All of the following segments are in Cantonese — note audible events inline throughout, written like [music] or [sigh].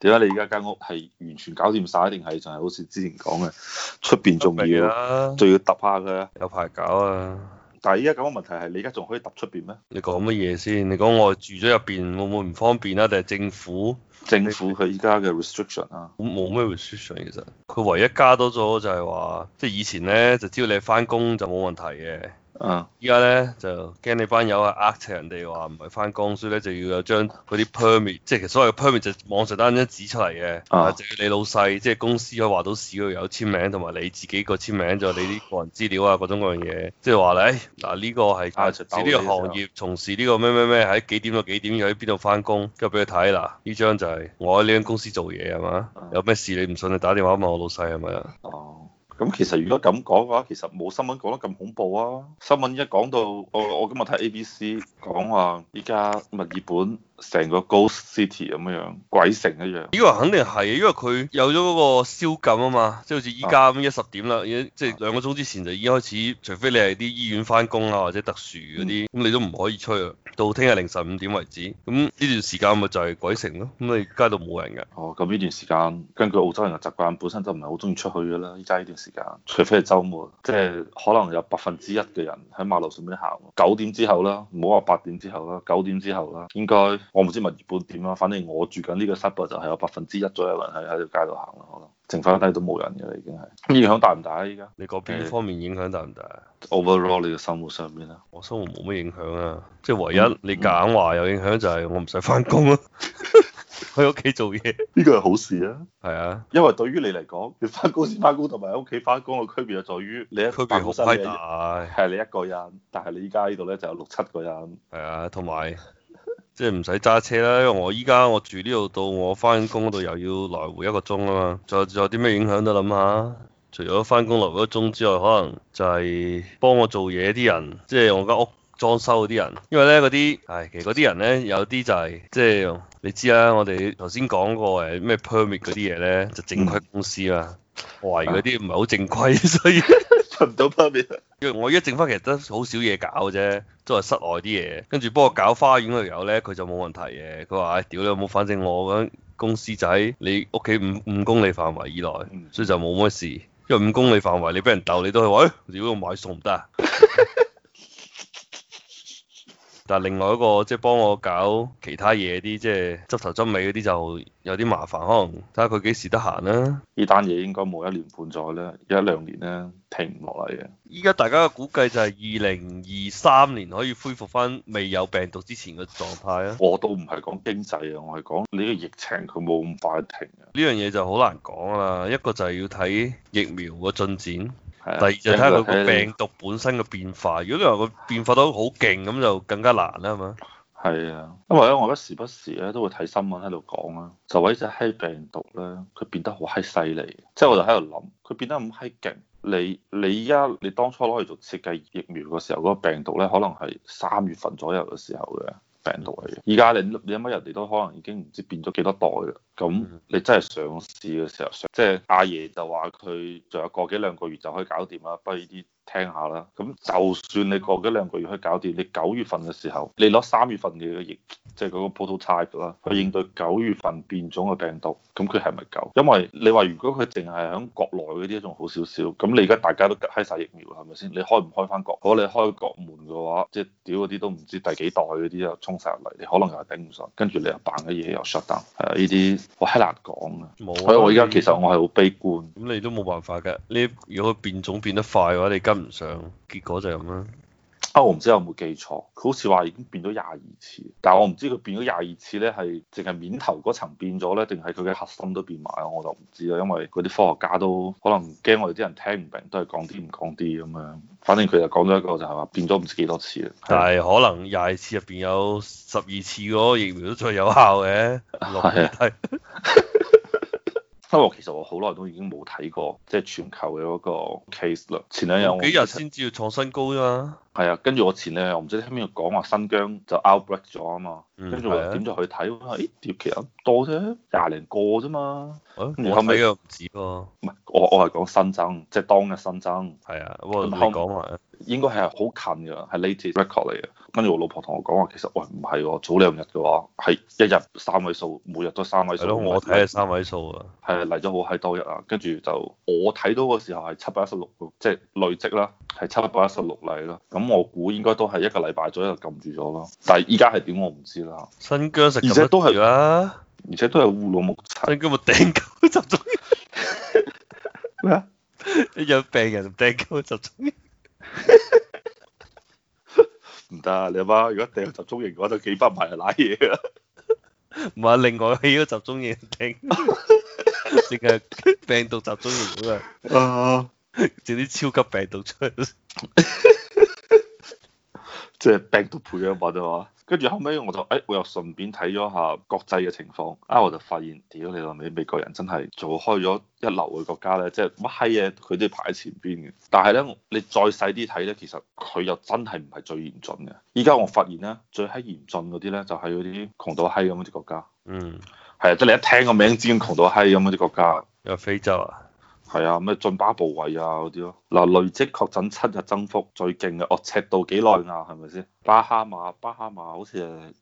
點解你而家間屋係完全搞掂晒，定係就係好似之前講嘅出邊仲要，仲要揼下佢？有排搞啊！但係依家咁嘅問題係，你而家仲可以揼出邊咩？你講乜嘢先？你講我住咗入邊會唔會唔方便啊？定係政府？政府佢依家嘅 restriction 啊？冇咩 restriction 其實，佢唯一加多咗就係話，即係以前咧就只要你係翻工就冇問題嘅。啊！依家咧就驚你班友係呃邪人哋話唔係翻工，所以咧，就要將嗰啲 permit，即係所謂 permit，就網上單張紙出嚟嘅，啊、uh！只、huh. 你老細即係公司可以話到市嗰度有簽名，同埋你自己個簽名，就是、你呢個人資料啊各種各樣嘢，即係話你嗱呢、啊呢個係從事呢個行業，從事呢個咩咩咩，喺幾點到幾點，又喺邊度翻工，跟住俾佢睇嗱，呢張就係我喺呢間公司做嘢係嘛，uh huh. 有咩事你唔信，你打電話問我老細係咪啊？哦。Uh huh. 咁其實如果咁講嘅話，其實冇新聞講得咁恐怖啊！新聞一講到，我我今日睇 ABC 講話、啊，依家墨爾本。成個 Ghost City 咁樣樣，鬼城一樣。呢個肯定係，因為佢有咗嗰個宵禁啊嘛，即係好似依家咁一十點啦，已、啊、即係兩個鐘之前就已經開始，除非你係啲醫院翻工啊或者特殊嗰啲，咁、嗯、你都唔可以出啊。到聽日凌晨五點為止，咁呢段時間咪就係鬼城咯、啊。咁你街度冇人㗎。哦，咁呢段時間根據澳洲人嘅習慣，本身就唔係好中意出去㗎啦。依家呢段時間，除非係周末，即係可能有百分之一嘅人喺馬路上面行。九點之後啦，唔好話八點之後啦，九點之後啦，應該。我唔知物業部點啦，反正我住緊呢個 sub 就係有百分之一左右人喺喺條街度行啦，可能剩翻睇都冇人嘅啦，已經係影響大唔大啊？依家你嗰邊方面影響大唔大？Overall 你嘅生活上面啊？我生活冇咩影響啊，即係唯一你夾硬話有影響就係我唔使翻工啊。喺屋企做嘢呢個係好事啊！係啊，因為對於你嚟講，你翻公司翻工同埋喺屋企翻工嘅區別就在於你一，區別好大，係你一個人，但係你依家呢度咧就有六七個人，係啊，同埋。即係唔使揸車啦，因為我依家我住呢度到我翻工嗰度又要來回一個鐘啊嘛。仲有啲咩影響都諗下，除咗翻工來回一個鐘之外，可能就係幫我做嘢啲人，即係我間屋裝修嗰啲人。因為咧嗰啲唉，其實嗰啲人咧有啲就係即係你知啦，我哋頭先講過誒咩 permit 嗰啲嘢咧，就正規公司啦，懷疑嗰啲唔係好正規，所以。 [laughs] 唔到方面，因為 [laughs] 我而家整翻其實都好少嘢搞嘅啫，都係室外啲嘢。跟住不過搞花園嗰時候咧，佢就冇問題嘅。佢話：唉、哎，屌你有冇？反正我咁公司仔，你屋企五五公里範圍以內，所以就冇乜事。因為五公里範圍你俾人斗，你都係話：如果我買餸唔得，啊。 [laughs] 但另外一個即係幫我搞其他嘢啲，即係執頭執尾嗰啲就有啲麻煩，可能睇下佢幾時得閒啦。呢單嘢應該冇一年半載啦，一兩年啦，停唔落嚟嘅。依家大家嘅估計就係二零二三年可以恢復翻未有病毒之前嘅狀態啊！我都唔係講經濟啊，我係講呢個疫情佢冇咁快停啊！呢樣嘢就好難講啦，一個就係要睇疫苗個進展。第二就睇佢個病毒本身嘅變化，如果你話佢變化得好勁咁，就更加難啦，係咪？係啊，因為咧，我不時不時咧都會睇新聞喺度講啊，就話呢隻閪病毒咧，佢變得好閪犀利，即係我就喺度諗，佢變得咁閪勁，你你而家你當初攞嚟做設計疫苗嘅時候，嗰個病毒咧，可能係三月份左右嘅時候嘅。病毒嚟嘅，而家你你諗下，人哋都可能已經唔知變咗幾多代啦。咁你真係上市嘅時候，即係、就是、阿爺就話佢仲有個幾兩個月就可以搞掂啦。不過呢啲。聽下啦，咁就算你過幾兩個月可以搞掂，你九月份嘅時候，你攞三月份嘅個疫，即係嗰個 prototype 啦，去應對九月份變種嘅病毒，咁佢係咪夠？因為你話如果佢淨係喺國內嗰啲仲好少少，咁你而家大家都閪晒疫苗啦，係咪先？你開唔開翻國？如果你開國門嘅話，即係屌嗰啲都唔知第幾代嗰啲又衝晒入嚟，你可能你又係頂唔順，跟住你又扮嘅嘢又 shut down，係啊，呢啲好難講嘅。所以、啊、我而家其實我係好悲觀。咁你都冇辦法嘅。呢如果變種變得快嘅話，你今唔上，結果就咁啦。啊、嗯，我唔知有冇記錯，佢好似話已經變咗廿二次，但係我唔知佢變咗廿二次呢，係淨係面頭嗰層變咗呢，定係佢嘅核心都變埋咯，我就唔知啦，因為嗰啲科學家都可能驚我哋啲人聽唔明，都係講啲唔講啲咁樣。反正佢就講咗一個就係話變咗唔知幾多次。但係可能廿二次入邊有十二次嗰個疫苗都最有效嘅。係 [laughs] 不過其實我好耐都已經冇睇過即係、就是、全球嘅嗰個 case 啦。前兩日我幾日先至要創新高啫嘛、啊。係啊，跟住我前兩日我唔知喺邊度講話新疆就 outbreak 咗啊嘛。跟住我點咗去睇，我話：咦，屌其實多啫，廿零個啫嘛。咁後屘又唔止咯。唔係，我我係講新增，即、就、係、是、當日新增。係啊，不過後屘講話應該係好近㗎，係 latest record 嚟嘅。跟住我老婆同我講話，其實喂，唔係，早兩日嘅話係一日三位數，每日都三位數。係咯，我睇係三位數啊。係嚟咗好閪多日啊，跟住就我睇到嘅時候係七百一十六，即係累積啦，係七百一十六例咯。咁我估應該都係一個禮拜左右撳住咗咯。但係而家係點我唔知啦。新疆食而且都係啊，而且都係烏魯木齊。新疆咪掟狗集中咩？ [laughs] [laughs] 麼 [laughs] 你有病人掟狗集中。 [laughs] 啊！你阿媽如果訂集中營嘅話，就幾百萬係賴嘢啦。唔係， [laughs] 另外起咗集中營，淨係 [laughs] 病毒集中營咁 [laughs] 啊！整啲超級病毒出嚟。 [laughs] 即係病毒培養物啊嘛，跟住後尾我就誒、哎，我又順便睇咗下國際嘅情況，啊我就發現，屌你話唔美，美國人真係做開咗一流嘅國家咧，即係乜閪嘢佢都排喺前邊嘅。但係咧，你再細啲睇咧，其實佢又真係唔係最嚴峻嘅。依家我發現咧，最閪嚴峻嗰啲咧就係嗰啲窮到閪咁嗰啲國家。嗯，係啊，即係你一聽個名知咁窮到閪咁嗰啲國家。有非洲啊？係啊，咩津巴布韋啊嗰啲咯。嗱，累積確診七日增幅最勁嘅，哦，赤道幾內亞啊，係咪先？巴哈馬，巴哈馬好似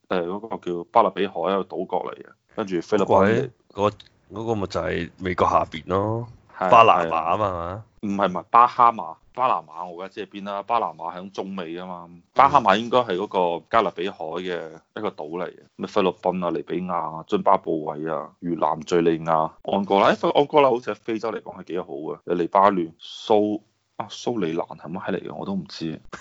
係誒嗰個叫巴勒比海一個島國嚟嘅，跟住菲律賓嗰個咪就係美國下邊咯，是啊是啊，巴拿馬啊嘛，唔係唔係巴哈馬。巴拿馬我而家知係邊啦，巴拿馬喺中美啊嘛。巴哈馬應該係嗰個加勒比海嘅一個島嚟。咩菲律賓啊、利比亞啊、津巴布韋啊、越南、敍利亞、安哥拉。誒、欸，安哥拉好似喺非洲嚟講係幾好嘅，有黎巴嫩、蘇啊、蘇里蘭係乜閪嚟嘅？我都唔知。 [laughs]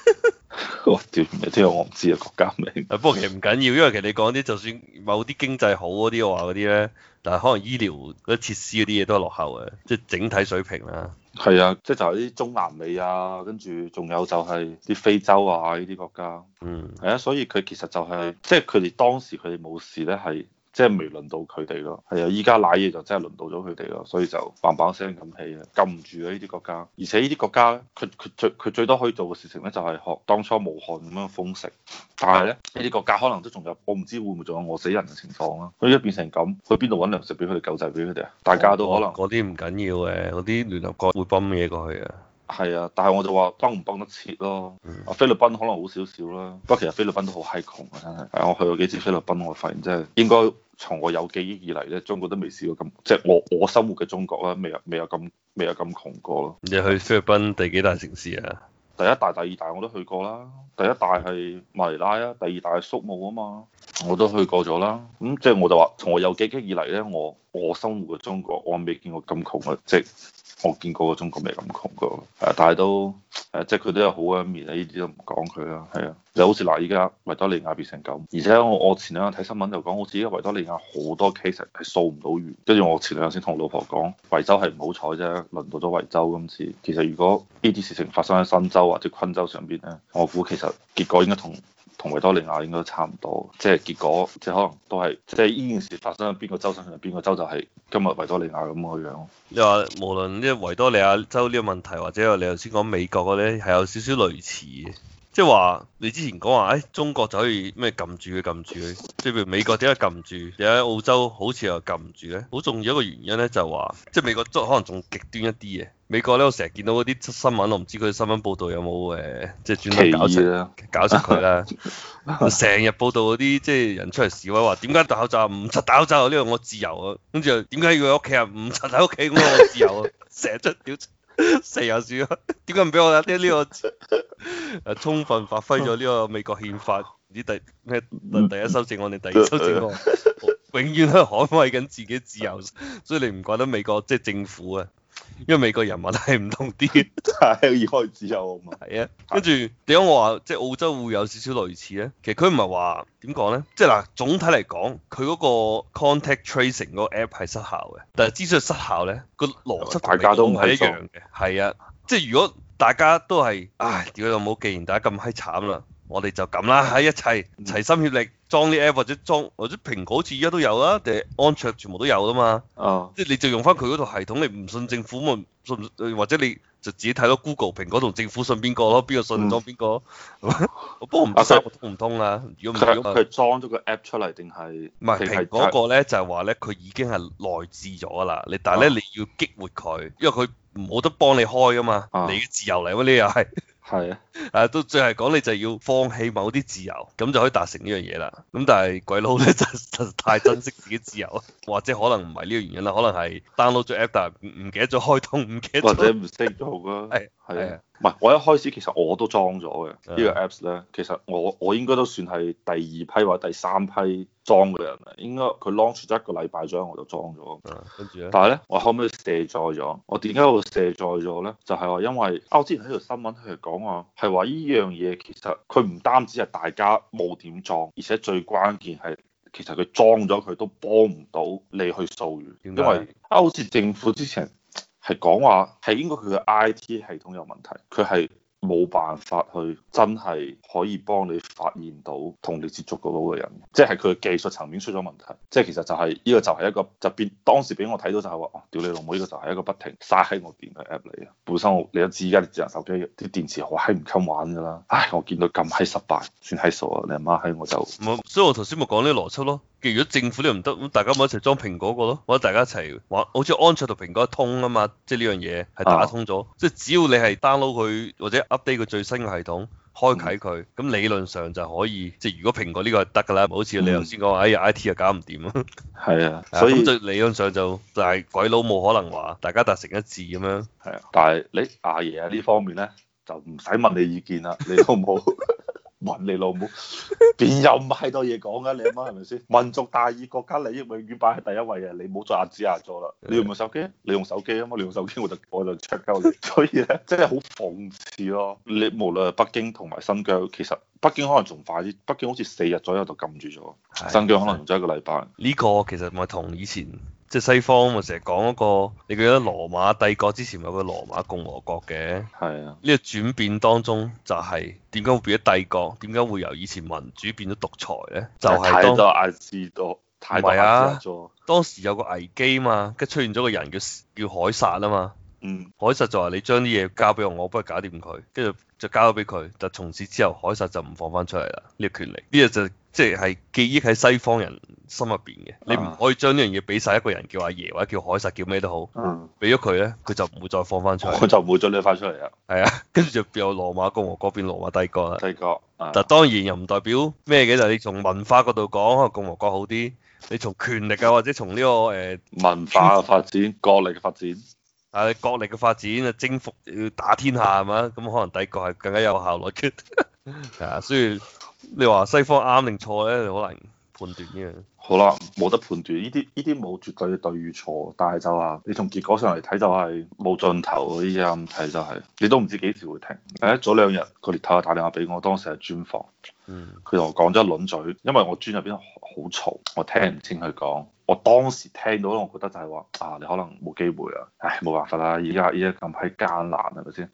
[laughs] 我屌，即係我唔知啊國家名。 [laughs] 不過其實唔緊要，因為其實你講啲就算某啲經濟好嗰啲話嗰啲咧，但係可能醫療啲設施嗰啲嘢都係落後嘅，即係整體水平啦。係啊，即就係、是、啲中南美啊，跟住仲有就係啲非洲啊呢啲國家，嗯，係啊，所以佢其實就係、是，即係佢哋當時佢哋冇事呢，係。即係未輪到佢哋咯，係啊，依家賴嘢就真係輪到咗佢哋咯，所以就棒棒聲咁起啊，撳唔住啊！呢啲國家，而且呢啲國家佢佢最佢最多可以做嘅事情咧，就係學當初武漢咁樣封城，但係咧呢啲國家可能都仲有，我唔知會唔會仲有餓死人嘅情況啊！佢而家變成咁，去邊度揾糧食俾佢哋救濟俾佢哋啊？大家都可能嗰啲唔緊要嘅，嗰啲聯合國會泵嘢過去啊。係啊，但係我就話幫唔幫得切咯。啊，嗯，菲律賓可能好少少啦，不過其實菲律賓都好閪窮啊，真係。啊，我去過幾次菲律賓，我發現真係應該從我有記憶以嚟咧，中國都未試過咁，即係我我生活嘅中國啦，未有未有咁未有咁窮過咯。你去菲律賓第幾大城市啊？第一大、第二大我都去過啦。第一大係馬尼拉啊，第二大係宿霧啊嘛。我都去過咗啦，咁、嗯、即係我就話，從我有記憶以嚟咧，我我生活嘅中國，我未見過咁窮嘅，即係我見過嘅中國未咁窮過。誒、啊，但係都誒、啊，即係佢都有好嘅一面啊！依啲都唔講佢啦，係啊，就好似嗱，依家維多利亞變成咁，而且我我前兩日睇新聞就講，好似依家維多利亞好多 case 係掃唔到完，跟住我前兩日先同我老婆講，維州係唔好彩啫，輪到咗維州今次。其實如果呢啲事情發生喺新州或者昆州上邊咧，我估其實結果應該同。同維多利亞應該差唔多，即係結果，即係可能都係，即係呢件事發生喺邊個州身上，邊個州就係今日維多利亞咁嘅樣樣。你話無論即係維多利亞州呢個問題，或者你頭先講美國嗰啲，係有少少類似嘅。即係話，你之前講話，誒、哎，中國就可以咩撳住佢，撳住佢，即係譬如美國點解撳住，點喺澳洲好似又撳唔住咧？好重要一個原因咧，就話、是，即、就、係、是、美國可能仲極端一啲嘅。美國咧，我成日見到嗰啲新聞，我唔知佢新聞報道有冇誒，即係專登搞，笑搞笑啦，搞出佢啦。成 [laughs] 日報道嗰啲，即、就、係、是、人出嚟示威話，點解戴口罩唔戴口罩呢？我，我，啊、我自由啊！跟住點解佢喺屋企啊？唔戴喺屋企咁？我自由啊！成日出屌。四廿字啊！點解唔俾我咧？呢呢個誒，充分發揮咗呢個美國憲法，唔知第咩第第一修正案定第二修正案， [laughs] 永遠都捍衛緊自己自由， [laughs] 所以你唔覺得美國即係、就是、政府啊？因為美國人話係唔同啲，係開始就有埋，啊啊、跟住點解我話即係澳洲會有少少類似咧？其實佢唔係話點講咧，即係嗱總體嚟講，佢嗰個 contact tracing 嗰個 app 係失效嘅，但係之所以失效咧，個邏輯大家都唔係一樣嘅，係、嗯、啊，即係如果大家都係唉，我老母既然大家咁閪慘啦。我哋就咁啦，喺一齊齊心協力裝啲 app 或者裝，或者蘋果好似而家都有啦，定安卓全部都有啦嘛。Oh. 即係你就用翻佢嗰套系統，你唔信政府冇信，信，或者你就自己睇到 Google、蘋果同政府信邊個咯？邊個信裝邊個？係嘛、oh. [laughs] 不過唔通唔通啊？如果唔佢佢裝咗個 app 出嚟定係？唔係是蘋果個咧是就係話咧，佢已經係內置咗啦。你但係咧、oh. 你要激活佢，因為佢冇得幫你開噶嘛、oh. oh. 嘛。你嘅自由嚟，乜你又係？係是啊，啊，誒，都即係講，你就要放棄某啲自由，咁就可以達成呢樣嘢啦。咁但係鬼佬咧就實太珍惜自己自由啦，或者可能唔係呢個原因啦，可能係 download 咗 app 但係唔記得咗開通，唔記得或者唔識做啊。 [laughs] 係啊，唔係 Yeah. 我一開始其實我都裝咗嘅 Yeah. 呢個 apps 咧。其實我我應該都算係第二批或者第三批裝嘅人。應該佢 launch 咗一個禮拜左右，我就裝咗。跟住咧，但係咧，我後尾卸載咗。我點解會卸載咗咧？就係、是、話因為啊，我之前喺條新聞係講話，係話呢樣嘢其實佢唔單止係大家冇點裝，而且最關鍵係其實佢裝咗佢都幫唔到你去掃粵，來因為啊，好似政府之前。係講話係應該佢嘅 I T 系統有問題，佢係冇辦法去真係可以幫你發現到同你接觸嗰個人，即係佢嘅技術層面出咗問題。即係其實就係呢個就係一個特別當時俾我睇到就係話，哦，屌你老母，呢個就係一個不停曬喺我電嘅 app 嚟啊！本身我你都知，依家啲智能手機啲電池好閪唔襟玩㗎啦，唉，我見到咁閪失敗，算閪傻啦，你阿媽閪我就。所以我頭先咪講呢邏輯咯。如果政府都唔得，咁大家咪一齊裝蘋果個咯？或者大家一齊玩，好似安卓同蘋果一通啊嘛，即係呢樣嘢係打通咗。啊、即係只要你係 download 佢或者 update 佢最新嘅系統，開啟佢，咁、嗯、理論上就可以。即係如果蘋果呢個係得㗎啦，唔好似你頭先講，嗯、哎呀 IT 又搞唔掂咯。係啊，所以咁、 [laughs] 嗯、理論上就就係鬼佬冇可能話大家達成一致咁樣。係以啊，但係你阿爺啊呢方面咧就唔使問你意見啦，你好唔好？ [laughs] [laughs] 問 [laughs] 你老母，好邊有咁閪多嘢講啊！你阿媽係咪先？ [laughs] 民族大義、國家利益永遠擺喺第一位嘅，你唔好再壓指壓咗啦！ [laughs] 你用唔用手機？你用手機啊嘛！你用手機我就我就 check 鳩你。所以咧，真係好諷刺咯！ [laughs] 你無論係北京同埋新疆，其實北京可能仲快啲，北京好似四日左右就禁住咗，的新疆可能仲一個禮拜。呢個其實咪同以前。即係西方咪成日講嗰、那個，你記得羅馬帝國之前有個羅馬共和國嘅，係啊，呢個轉變當中就係點解會變咗帝國？點解會由以前民主變咗獨裁咧？就係、是、太多阿斯多，太多。啊、太多當時有個危機嘛，跟住出現咗個人叫叫凱撒啊嘛，嗯，凱撒就話你將啲嘢交俾我，我不如搞掂佢，跟住就交咗俾佢。就從此之後，凱撒就唔放翻出嚟啦，呢、這個權力呢、這個就是。即係記憶喺西方人心入邊嘅，你唔可以將呢樣嘢俾晒一個人叫阿爺或者叫凱撒叫咩都好，俾咗佢咧，佢就唔會再放翻出嚟，佢就唔會再拎翻出嚟啊。係啊，跟住就變咗羅馬共和國變羅馬帝國啦。帝國啊，嗱，當然又唔代表咩嘅，就係你從文化嗰度講可能共和國好啲，你從權力啊或者從呢個誒文化嘅發展、國力嘅發展，係國力嘅發展啊，征服要打天下係嘛，咁可能帝國係更加有效率。係啊，所以你話西方啱定錯咧，你好難判斷嘅。好啦，冇得判斷，呢啲呢啲冇絕對嘅對與錯，但係就話你從結果上嚟睇，就係冇盡頭嗰啲嘢咁睇，就係你都唔知幾時會停。誒，早兩日個獵頭打電話俾我，當時係專訪，佢同我講咗一輪嘴，因為我專入邊好嘈，我聽唔清佢講。我當時聽到我覺得就係話啊，你可能冇機會啊，唉，冇辦法啦，而家而家咁閪艱難，係咪先？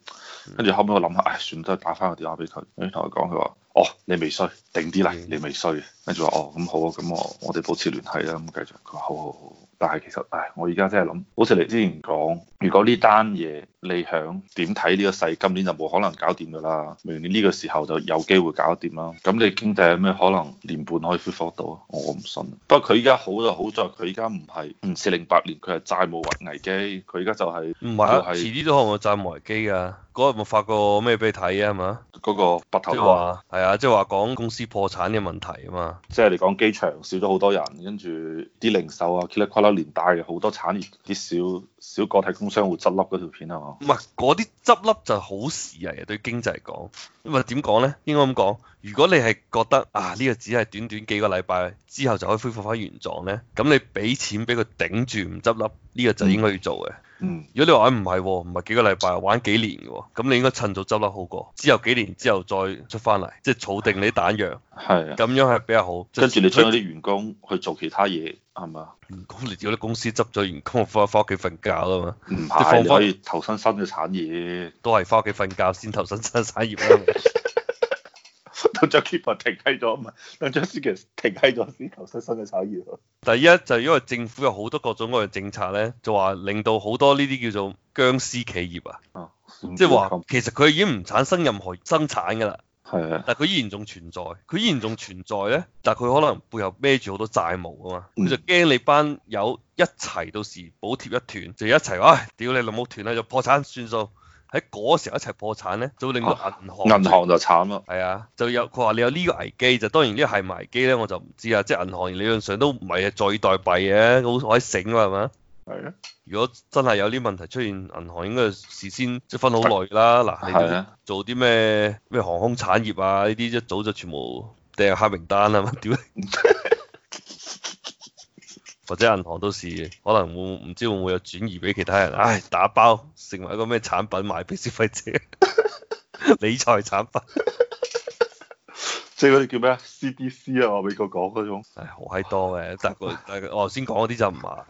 跟住後尾我諗下，唉，算啦，打翻個電話畀佢，跟住同佢講，佢話。哦，你未衰，定啲啦，你未衰。跟住話哦，咁好啊，咁我我哋保持聯繫啦，咁繼續。佢話好好好，但係其實唉，我而家真係諗，好似你之前講，如果呢單嘢你響點睇呢個世，今年就冇可能搞掂噶啦，明年呢個時候就有機會搞掂啦。咁你經濟有咩可能年半可以恢復到啊？我唔信。不過佢依家好就好在佢依家唔係二零零八年佢係債務危機，佢依家就係唔係啊？遲啲都可能會債務危機噶。嗰日冇發過咩俾你睇啊？係嘛，嗰個白頭話係啊，即係話講公司破產嘅問題啊嘛。即係你講機場少咗好多人，跟住啲零售啊、k l e c k 連帶好多產業啲少少個體工商戶執笠嗰條片啊嘛。唔係，嗰啲執笠就好事啊！對經濟嚟講，因為點講咧？應該咁講，如果你係覺得啊呢、這個只係短短幾個禮拜之後就可以恢復翻原狀咧，咁你俾錢俾佢頂住唔執笠，呢、這個就應該要做嘅。嗯嗯，如果你話唔係喎，唔係幾個禮拜，玩幾年嘅、哦、喎，咁你應該趁早執得好過，之後幾年之後再出翻嚟，即係儲定你啲彈藥，係、啊，咁樣係比較好。啊、是跟住你將啲員工去做其他嘢，係咪啊？咁你叫啲公司執咗員工，翻翻屋企瞓覺啦嘛？唔怕是，放你可以投身新嘅產業，都係翻屋企瞓覺先投身新產業啦、啊。 [laughs] 到咗 keep 停低咗啊嘛，等張思傑停低咗，先求新嘅產業。第一就係、是、因為政府有好多各種各樣政策咧，就話令到好多呢啲叫做僵屍企業啊，即係話其實佢已經唔產生任何生產㗎啦。係啊的，但係佢依然仲存在，佢依然仲存在咧，但係佢可能背後孭住好多債務啊嘛，咁、嗯、就驚你班友一齊到時補貼一斷，就一齊唉、哎，屌你老母斷啊，就破產算數。喺嗰時候一齊破產咧，就會令到銀行、啊、銀行就慘啦。係啊，就有佢話你有呢個危機，就當然呢個係唔係危機咧，我就唔知啊。即係銀行理論上都唔係坐以待斃嘅，好我喺醒啊嘛。係啊，的如果真係有啲問題出現，銀行應該事先即分好耐啦。嗱的，你做啲咩咩航空產業啊？呢啲一早就全部掟入黑名單啊。嘛。 [laughs] 或者銀行到時可能會唔知會唔會有轉移俾其他人？唉，打包成為一個咩產品賣俾消費者？ [laughs] [laughs] 理財產品， [laughs] [laughs] 即係嗰啲叫咩？C D C 啊，我美國講嗰種。唉，好閪多嘅，但係我先講嗰啲就唔係，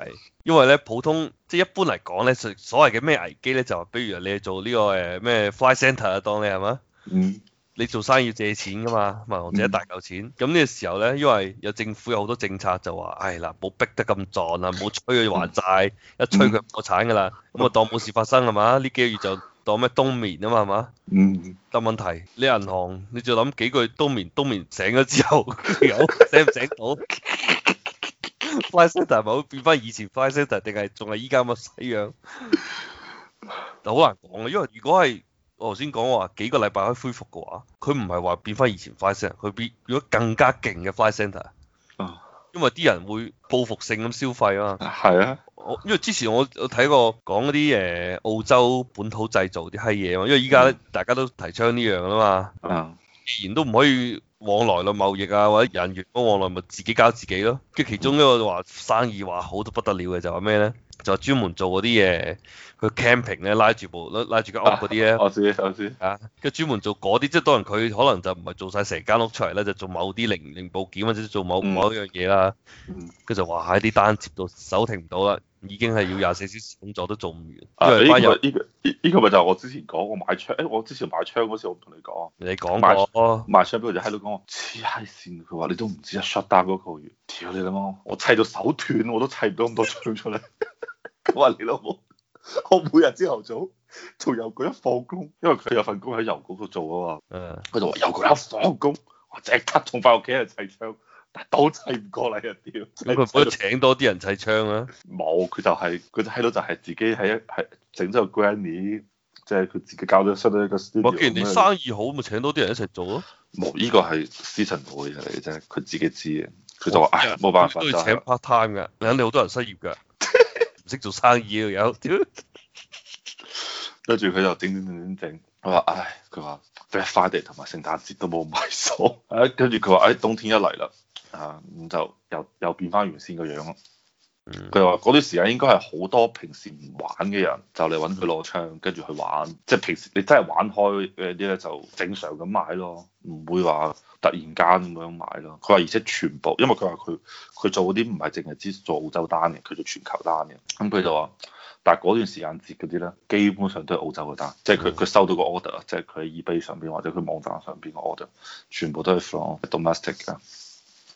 因為咧普通即係一般嚟講咧，所所謂嘅咩危機咧，就是，比如你做呢、呢個誒咩、呃、Fly Center 啊，當你係咪？嗯。你做生意要借錢噶嘛，銀行借一大嚿錢，咁呢個時候咧，因為有政府有好多政策就話，唉、哎、嗱，冇逼得咁壯啦，冇催佢還債，一催佢破產噶啦，咁啊當冇事發生係嘛？呢幾個月就當咩冬眠啊嘛係嘛？嗯，得問題，啲銀行你再諗幾句冬眠，冬眠醒咗之後有醒唔醒到？Five Center 咪會變翻以前 Five Center 定係仲係依家咁死樣？就 [laughs] 好難講啦，因為如果係。我頭先講話幾個禮拜可以恢復嘅話，佢唔係話變返以前快閃，佢變咗更加勁嘅快閃。因為啲人會報復性咁消費啊嘛。係啊，我因為之前我我睇過講嗰啲誒澳洲本土製造啲閪嘢嘛，因為依家大家都提倡呢樣啦嘛。啊，uh, uh, 既然都唔可以往來咯，貿易啊或者人員都往來，咪自己搞自己咯。即係其中一個話生意話好到不得了嘅就話咩咧？就係專門做嗰啲嘢，去 camping 咧，拉住部拉拉住間屋嗰啲咧。 [laughs] 我知，我知。啊，跟住專門做嗰啲，即係當然佢可能就唔係做晒成間屋出嚟咧，就做某啲零零部件或者、就是、做某某,某一樣嘢啦。跟住、嗯、就喺啲單接到手停唔到啦，已經係要廿四小時工作都做唔完。啊！ [laughs] 依個依咪、這個、就係我之前講我買槍。誒、欸，我之前買槍嗰時我同你講，你講過買,買槍畀佢，就喺度講黐閪線，佢話你都唔知，一 shot down 嗰個月。屌你老母！我砌到手斷，我都砌唔到咁多槍出嚟。 [laughs] 佢話你老母，我每日朝頭早從郵局一放工，因為佢有份工喺郵局度做啊嘛。嗯。佢就話郵局一放工，我即刻衝翻屋企人砌槍，但都砌唔過嚟啊屌！你佢、嗯、可以請多啲人砌槍啊？冇，佢就係佢喺度就係自己喺一係整咗個 granny 即係佢自己教咗出咗一個 studio 你生意好，咪是是請多啲人一齊做咯、啊。冇，呢、這個係私層部嘅嘢嚟啫，佢自己知嘅。佢就話唉，冇、啊哎、辦法就請 part time 嘅，你肯定好多人失業嘅。識做生意又有，跟住佢又整整整整，整。佢話：「唉，佢話 Valentine 同埋聖誕節都冇買鎖。 [laughs] 」誒、哎，跟住佢話：「誒冬天一嚟啦，啊，咁就又又變翻原先個樣咯。佢話嗰段時間應該係好多平時唔玩嘅人就嚟揾佢攞槍跟住去玩，即係平時你真係玩開嘅啲咧就正常咁買咯，唔會話突然間咁樣買咯。佢話而且全部因為佢話佢佢做嗰啲唔係淨係只做澳洲單嘅，佢做全球單嘅。咁、嗯、佢就話，但係嗰段時間節嗰啲咧，基本上都係澳洲嘅單，即係佢佢收到個 order，即係佢 eBay 上邊或者佢網站上邊個 order，全部都係 from domestic 嘅。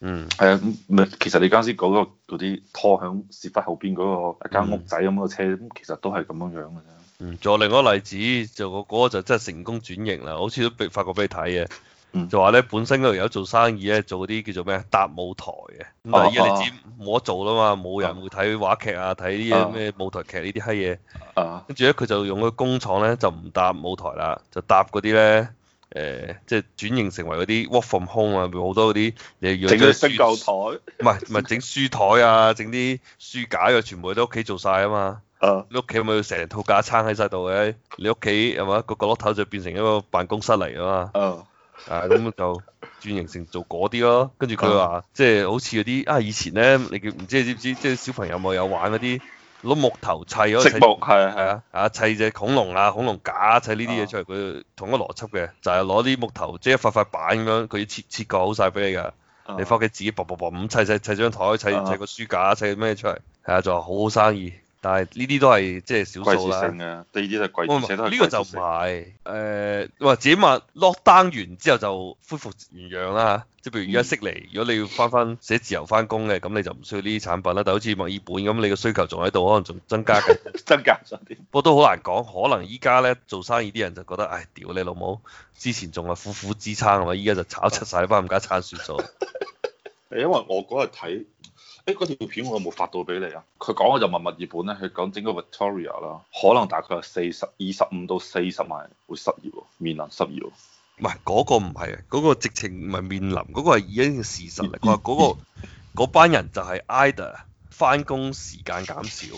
嗯，係啊、嗯，咁咪其實你啱先講嗰啲拖響事發後邊嗰個一間屋仔咁個車，咁、嗯、其實都係咁樣樣嘅啫。嗯，仲有另一個例子，就個嗰個就真係成功轉型啦，好似都俾發過俾你睇嘅。嗯、就話咧，本身嗰度有做生意咧，做啲叫做咩搭舞台嘅。哦，但係而家你知冇得做啦嘛，冇、啊、人會睇話劇啊，睇啲咩舞台劇呢啲閪嘢。啊。跟住咧，佢就用個工廠咧，就唔搭舞台啦，就搭嗰啲咧。誒、呃，即係轉型成為嗰啲 work from home 啊，好多嗰啲你如果整啲舊台，唔係唔係整書枱啊，整啲 [laughs] 書架又全部喺屋企做晒啊嘛，uh. 你屋企咪成套架撐喺晒度嘅，你屋企係咪個角落頭就變成一個辦公室嚟啊嘛，uh. 啊，咁就轉型成做嗰啲咯，跟住佢話即係好似嗰啲啊以前咧，你叫唔知你知唔知即係、就是、小朋友咪有，有，有玩嗰啲。攞木頭砌嗰，植木係啊係啊，啊砌隻的的恐龍啊，恐龍架砌呢啲嘢出嚟，佢、uh huh. 同一邏輯嘅，就係攞啲木頭，即係一塊塊板咁樣。佢要切切好晒俾你㗎，uh huh. 你翻屋企自己薄薄噚咁砌砌砌張台，砌砌個書架，砌咩出嚟，係啊、uh，就、huh. 好好生意。但係呢啲都係，即係少數啦貴，低啲、啊、都係貴，而且都係季節性。呢個就唔係，誒、欸，或者話落單完之後就恢復原樣啦。即係譬如而家悉尼，嗯、如果你要翻翻寫自由翻工嘅，咁你就唔需要呢啲產品啦。但好似墨爾本咁，你嘅需求仲喺度，可能仲增加緊。 [laughs] 增加咗啲。不過都好難講，可能依家咧做生意啲人就覺得，唉、哎，屌你老母，之前仲係苦苦支撐啊嘛，依家就炒出晒你翻唔加餐算數。 [laughs] 因為我嗰日睇。誒嗰、欸、條片我有冇發到俾你啊？佢講嘅就係物業本咧，佢講整個 Victoria 啦，可能大概係四十二十五到四十萬人會失業，面臨失業。唔係嗰個唔係啊，嗰、那個直情唔係面臨，嗰、那個係已經事實嚟。佢話嗰個 [laughs] 班人就係 either，翻工時間減少，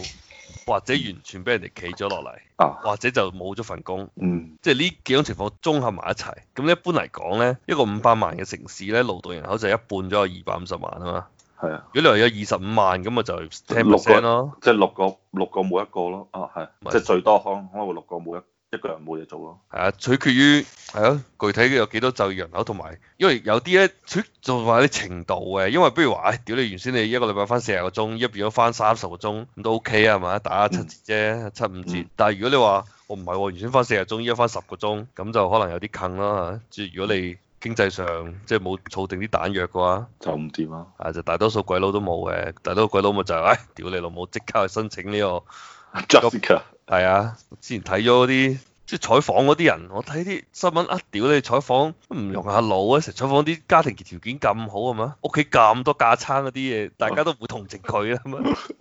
或者完全俾人哋企咗落嚟，或者就冇咗份工、啊。嗯，即係呢幾種情況綜合埋一齊。咁一般嚟講咧，一個五百萬嘅城市咧，勞動人口就一半左右二百五十萬啊嘛。係啊，如果你話有二十五萬咁啊就聽六個，即係六個六個冇一個咯，啊係，即係最多可可能六個冇一一個人冇嘢做咯。係啊，取決於係啊，具體嘅有幾多就業人口，同埋因為有啲咧，做話啲程度嘅，因為不如話，屌你原先你一個禮拜翻四十個鐘，而家變咗翻三十個鐘，咁都 OK 啊嘛，打七折啫，七五折。但係如果你話我唔係，原先翻四十個鐘，而家翻十個鐘，咁就可能有啲近啦。即係如果你。經濟上即係冇儲定啲彈藥嘅話，就唔掂咯。啊，就大多數鬼佬都冇嘅，大多數鬼佬咪就係唉，屌你老母，即刻去申請呢個 job [laughs] s 係啊，之前睇咗啲即係採訪嗰啲人，我睇啲新聞啊，屌你！採訪唔用下腦啊，成採訪啲家庭條件咁好係嘛，屋企咁多架撐嗰啲嘢，大家都唔會同情佢啊嘛。 [laughs] [laughs]